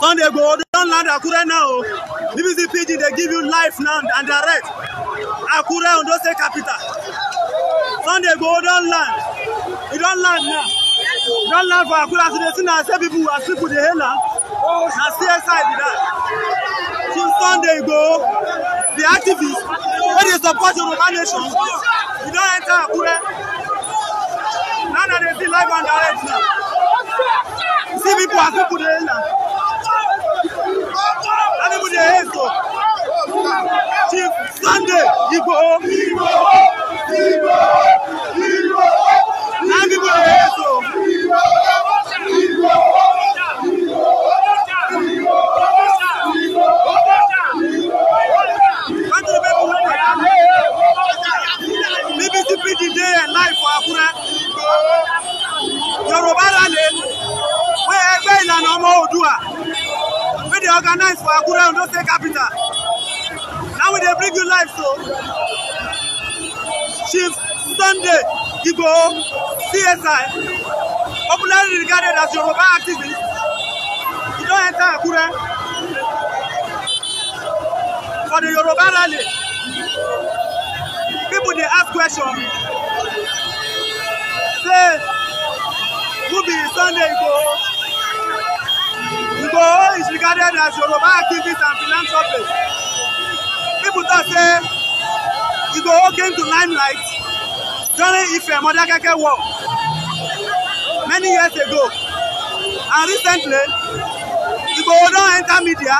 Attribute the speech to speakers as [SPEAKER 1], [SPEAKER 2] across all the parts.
[SPEAKER 1] Sunday go, don't land Akure now o. BBC PG they give you life now and direct. Akure on State capital. Sunday go, don't land. You don't land now. He don land for Akure as you dey see na say people as people dey hail am. Na CSI be that. Chief Sunday go, the activists when they support Yoruba nation, you don't enter Akure. Now na dey see life and direct now. You see people as people dey hail now. Africa. Now we dey bring you live so. Chief Sunday Igboho CSI, popularly regarded as Yoruba activist, he don enter Akure for the Yoruba rally. People dey ask question. Say, who be Sunday Igboho? Igboho is regarded as Yoruba activist and philanthropist. People talk say Igboho came to limelight during Ife Modakeke War many years ago. And recently, Igboho don enter media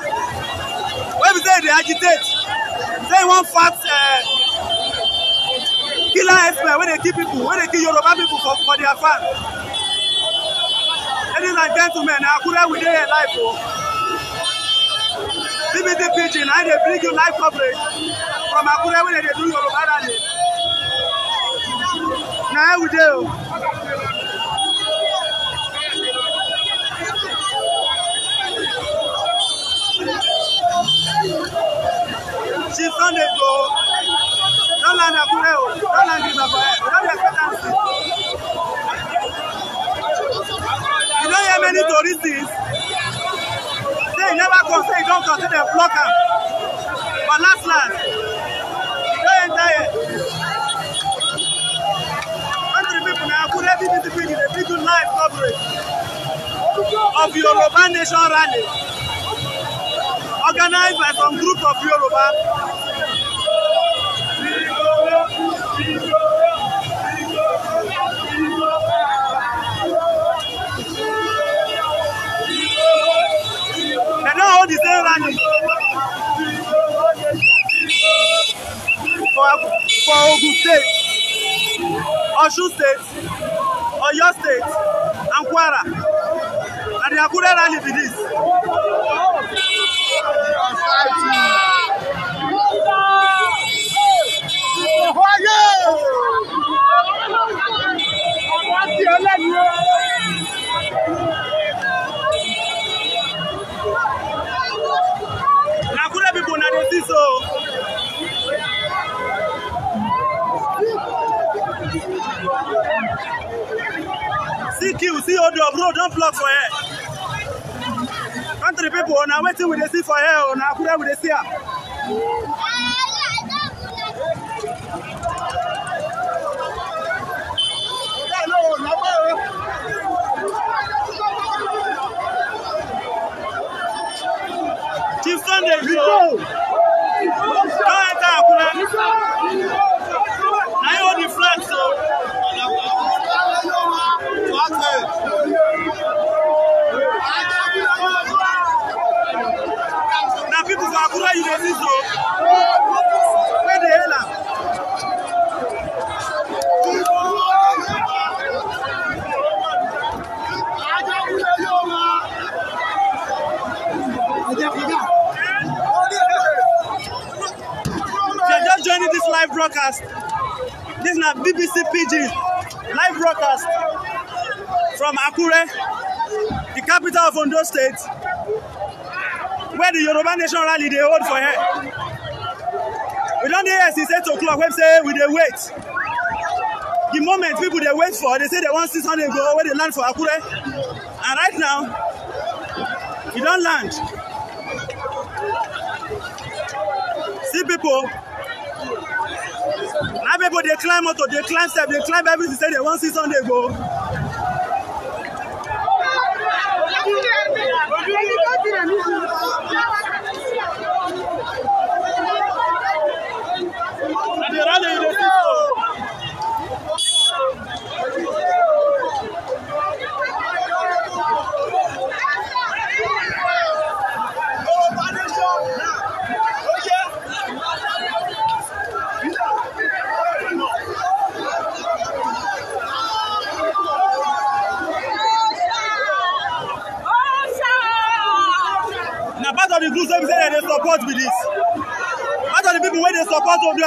[SPEAKER 1] where be say e dey agitate say e wan uh, killer expert wey they kill people wey they kill Yoruba people for, for their farm. Ladies and gentlemen, Akure we dey live o. Oh. BBT Pidgin, I dey bring you live coverage from Akure wey dey do Yoruba rally. Na we dey o. Chief Sunday go. Don't land Akure o. Oh. Don't land Ibadan. Don't expect am. many tourists is say never come say e don come say dem block am but last last e don enter here country people na akure bbc pidgin dey fit do live coverage of yoruba nation rally organized by some group of yoruba the same rally. For, Ogun State, Osun State, Oyo State, and Kwara. And the rally be this. see all the road don't block for here country pipo oh, na waiting with dey see for here o na akure we dey see am. chief sunday go don enter akure. Akure University o. Where the hell am? Just joining this live broadcast. This is na BBC Pidgin live broadcast from Akure, the capital of Ondo State where the Yoruba Nation rally they hold for her. We don't hear. here since 8 o'clock, wey say we they wait. The moment people they wait for, they say they wan see Sunday go where they land for Akure. And right now, we don't land. See people. Now people they climb motor, they climb step, they climb everything, say they wan see Sunday go. Thank you.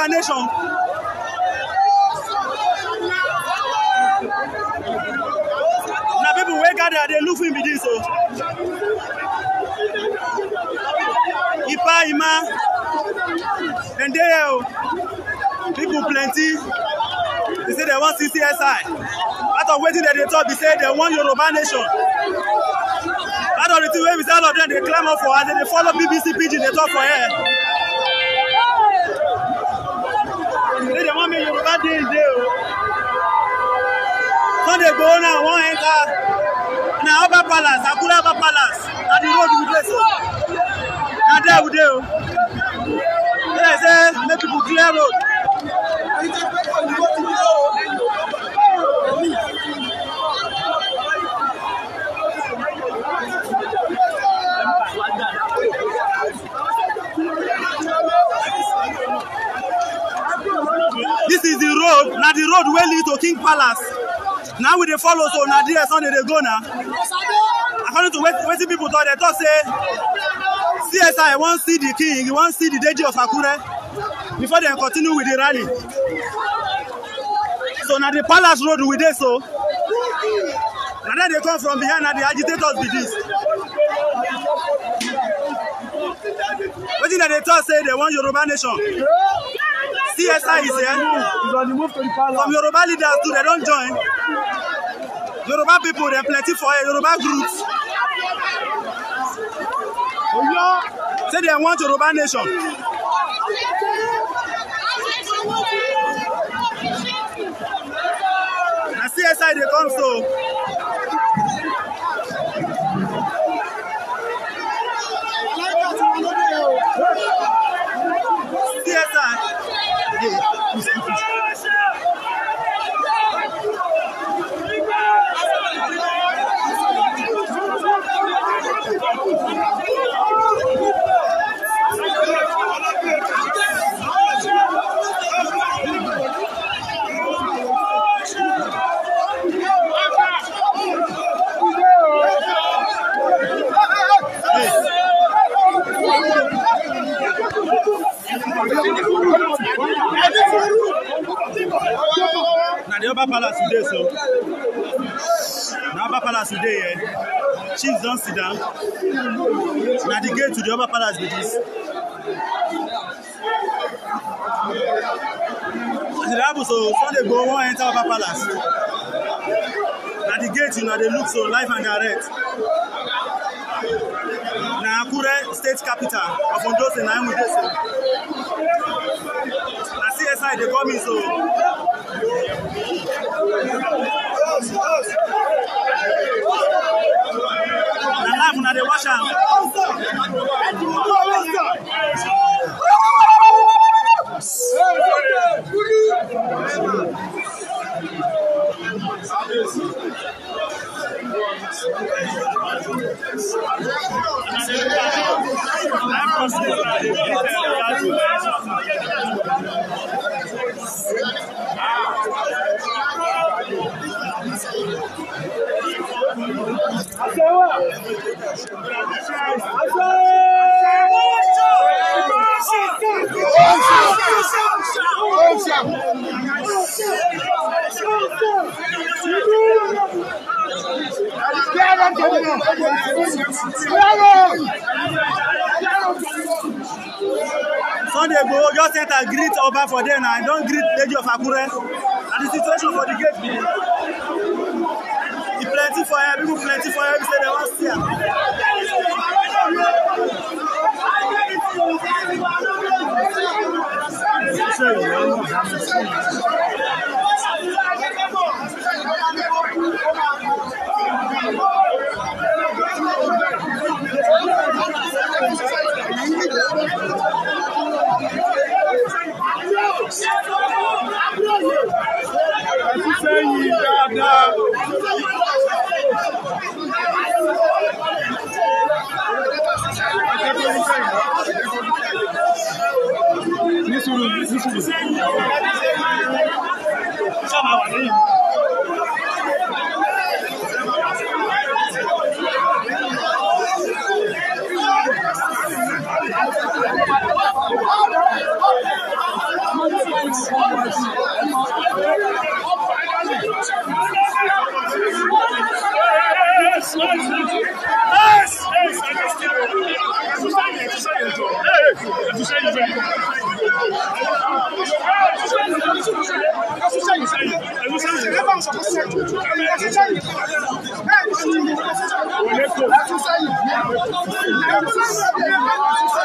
[SPEAKER 1] our nation. Na people wey gather dey look for him be this o. Ipa Ima dem dey here o. People plenty. They say they wan see CSI. Out of wetin dem dey talk be say dem wan Yoruba nation. Out of the thing wey be say all of dem dey climb up for and dem dey follow BBC pidgin dey talk for here. day o Sunday Igboho now One enter na Oba Palace Akure Oba Palace na the road we dey so na there we dey o dey say make people clear road. road na the road wey lead to king palace na we dey follow so na there sunday dey go na according to wetin people, talk dem talk say csi wan see the king He wan see the deji of akure before dem continue with the rally so na the palace road we dey so na there dey come from behind na the agitators be this. wetin dem dey talk say dem wan yoruba nation. DSI is here. He's on Yoruba leaders too, they don't join. Yoruba people, they're plenty for a eh, Yoruba groups. Say they want Yoruba nation. Na CSI they come so. chiefs don sit down na the gate to the upper palace be this as e dey happen so sunday go wan enter upper palace na the gate una dey look so life and direct na akure state capital of ondo state na im we dey so na csi dey call me so. watch out. Ah. àṣẹwà àṣẹ. Sunday Igboho just enter greet Oba for there na I don greet Deji of Akure and the situation for the gate be fire, people plenty fire, we say they last year. Sure, Olé kò.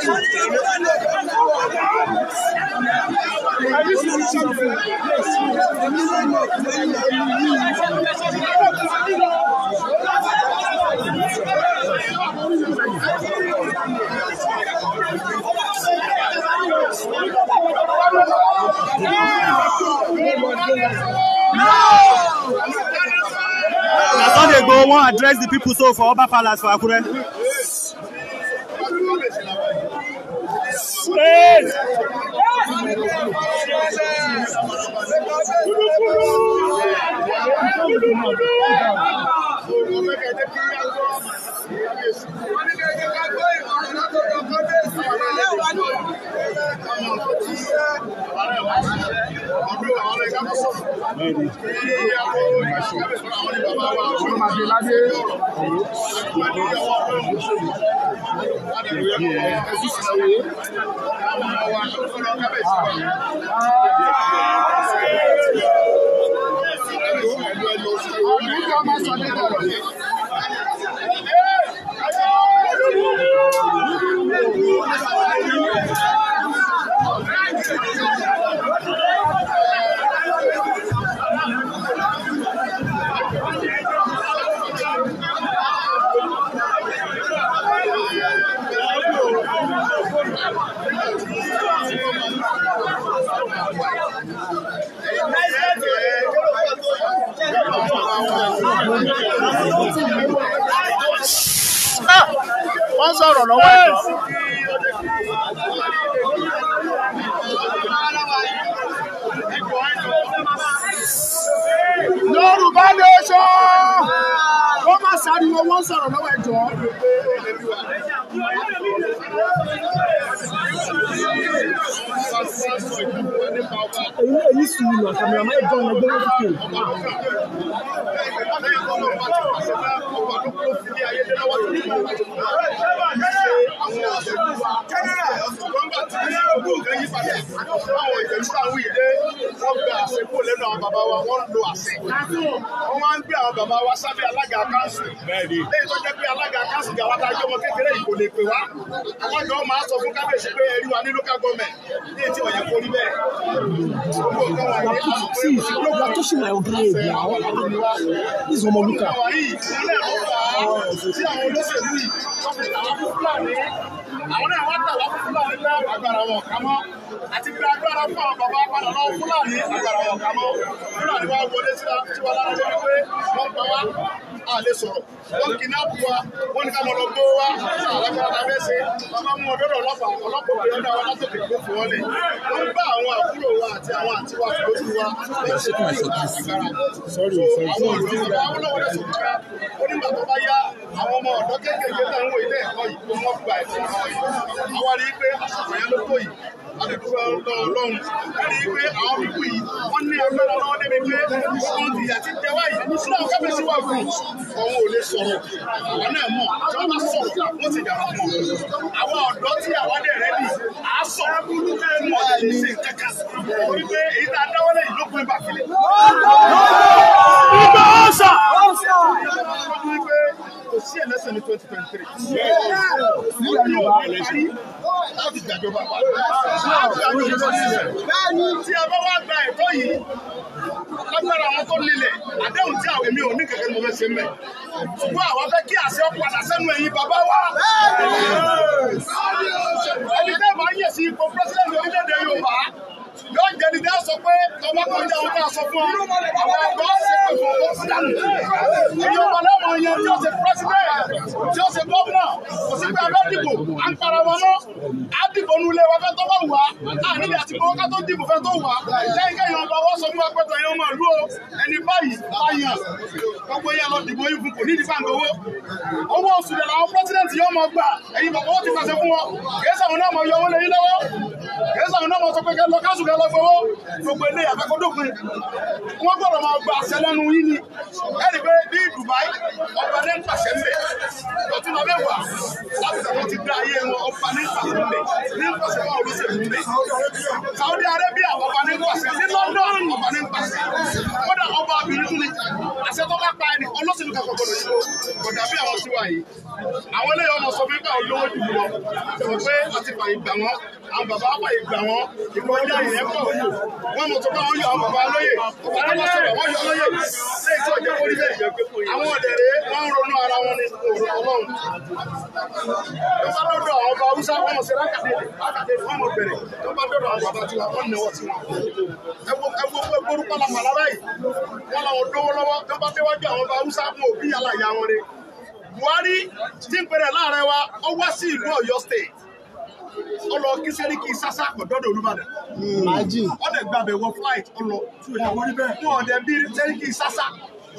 [SPEAKER 1] Now Sunday go wan address the people so for Oba Palace for Akure. Yeah àwọn àkọ́kọ́rọ́ kábẹ̀sì wà. ẹ̀lú ẹ̀lú ẹ̀lú ọ̀sẹ̀ ìwé mi. wọ́n sọ̀rọ̀ lọ́wọ́ ẹ̀jọ́. Yorùbá nation wọ́n máa ṣàdìwọ̀ wọ́n sọ̀rọ̀ lọ́wọ́ ẹ̀jọ́. èyí sùn lọ sàmì àmọ́ ẹ̀jọ́ ọ̀nà gbọ́dọ̀ sókè. àwọn bàbá wa wọ́n ń lo àṣẹ. Wọ́n wá ń gbé àwọn bàbá wa sábẹ́ alága káńsù. Lẹ́yìn tó jẹ́ pé alága káńsù gàwá ta jọmọ kékeré yìí kò lè pè wá. Àwọn ìjọ máa sọ fún kábíyèsí pé ẹrí wa ní local government ní etí ọ̀yẹ́ kò rí lọ́gbà tó ṣì máa ọ̀gá èdè àwọn ọmọlúkà. Ìjọba yìí, ilé ẹ̀rọ fà á àwọn olóṣèlú yìí, wọ́n fi tàwọn fúlàní àwọn náà wọ́n tàwa fún fúlàní lẹ́ agbára wọn kà mọ́ àti bí agbára fún àwọn bàbá padà lọ́wọ́ fúlàní agbára wọn kà mọ́ fúlàní wa wọlé sí wa lára lórí pé wọ́n gbà wá a lè sọ̀rọ̀ wọ́n kì náà bù wa wọ́n ní ká lọ́ọ́ gbó wa alágbára fẹ́ ṣe bàbá mú ọdọ́dọ̀ ọlọ́pàá ọlọ́pàá òbí ọ̀dọ̀ àwọn látòkè tó fi wọ́n lẹ̀ wọ́n bá àwọn àbúrò wa àti àwọn àti wa fi lójú wa lẹ́yìn tó ń bá agbára àwọn olùdíje àwọn olówó lẹ́sùn ká ó ní bàbá bá yá àwọn ọmọ ọ̀dọ́ kéékèèké náà ń wo ilé ẹ̀kọ́ yìí tó wọ́n gba ẹ̀kọ́ yìí àwa rí i pé àsìkò yẹn ló tó yìí àdìgbò lọ lọ́hùn a rí i pé àwọn pípù yìí wọ́n ní agbára lọ́wọ́ débi pé wọ́n ti àti tẹ́wá yìí nísìlá ọ̀kẹ́ bẹ́ẹ̀ sí wà fún òun ò lè sọ̀rọ̀ àwa náà mọ̀ tí wọ́n bá sọ̀rọ̀ wọ́n ti dàrú mọ́ àwa ọ̀dọ́ tí àwa dẹ̀ bì á sọ̀rọ̀ ló pín sí ẹ̀ lẹ́sẹ̀ ní twenty twenty kí àṣẹ padà sẹ́nu ẹ̀yìn bàbá wa. ẹni tẹ́ máa ń yẹ̀ sí ipò pírẹ́sìdẹ̀ntì orílẹ̀ ẹni dá sọ pé ọba kan jẹ́ ọba sọ fún ọ àwọn ẹgbẹ́ ọ̀sẹ̀ pé fún ọkọ̀ sí dànù èyí yẹn tí ó ṣe pírẹ́sìdẹ̀ẹ̀tì tí ó ṣe gómìnà kò sí pé abẹ́ dìbò à ń para wọn mọ́ á dìbò nu ilé wa fẹ́ tó bá wù wá àárín àti pé ká tó dìbò fẹ́ tó wù wá lẹ́yìn ọba wọ́n sọ fún wa pẹ́tọ̀ yẹn máa lú o ẹni báyìí báyàn gbogbo yẹn lọ dìbò yìí fún kò ní ìdíbà ńgowó owó oṣù lẹ̀ làwọn pírẹ́sìdẹ̀ẹ̀tì yọ kẹsàn án náà wọ́n sọ pé kẹ́ lọ káṣù kẹ́ lọ fowó gbogbo ilé àfẹ́kọ́dọ́gbìn wọ́n gbọ́dọ̀ máa gba àṣẹ lẹ́nu yín ni ẹ̀rí pé bí Dubai ọba ní pàṣẹ mbẹ lọ́tún náà mẹ́wàá láti sàkó ti dá ayé wọn ọba ní pàṣẹ mbẹ ní pàṣẹ wọn olóṣèlú mbẹ Saudi Arabia ọba ní pàṣẹ ní London ọba ní pàṣẹ kódà ọba abirin tún ni àṣẹ tó bá pa ẹni olóṣèlú kankan gbọ́dọ̀ yìí kò dàbí àwọn tí wà láàyè gbà wọ́n ìkọjá ìyẹn pọ̀ wò wọ́n mọ̀ tó bá wọn yọ àwọn bàbá lóyè ọ̀pá sọ̀rọ̀ wọ́n yọ lóyè lẹ́yìn tó jẹ́ orí bẹ́ẹ̀ àwọn ọ̀dẹ̀rẹ̀ wọ́n ń ronú ara wọn ní ọ̀rọ̀ ọlọ́run tó bá dọ̀dọ̀ àwọn ọba haúsá wọ́n mọ̀ sí rákàdé rákàdé wọ́n mọ̀ bẹ̀rẹ̀ tó bá dọ̀dọ̀ àwọn bàbá wọ́n nẹ̀wọ̀ tiwọn ẹgbẹ́ wọn òbí Buhari tí ń pẹrẹ láàrẹ wa ó wá sí ìlú Ọ̀yọ́ state ọlọ kí sẹ́ríkì sásà pọ̀ dọ́dọ̀ olùbàdàn ọdẹ gbàbẹ̀ wọ flight ọlọ tí òjò wọlé bẹ́ẹ̀ wọn ọdẹ bí sẹ́ríkì sásà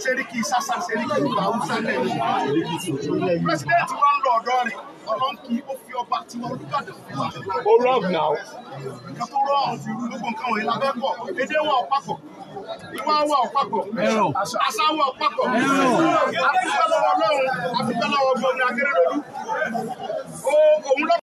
[SPEAKER 1] sẹ́ríkì sásà sẹ́ríkì ìgbà haúsá lẹ́yìn pírẹsidẹ́ẹ̀tì wa ń lọ ọ̀dọ́ rẹ̀ ọlọ́n kí ó fi ọba tí wọn olùbàdàn ó rọ̀b náà nǹkan tó rọ̀ gbogbo nǹkan wọ̀nyí lábẹ́ pọ̀ èdè wa ọ̀pápọ̀ ìwà wa ọ̀pápọ̀ àṣà wa ọ̀pápọ̀ àfikẹ́ lọ́wọ́ ọlọ́run àfikẹ́ lọ́wọ́ gbọ̀ngàn akérèdọ́lù òun lọ́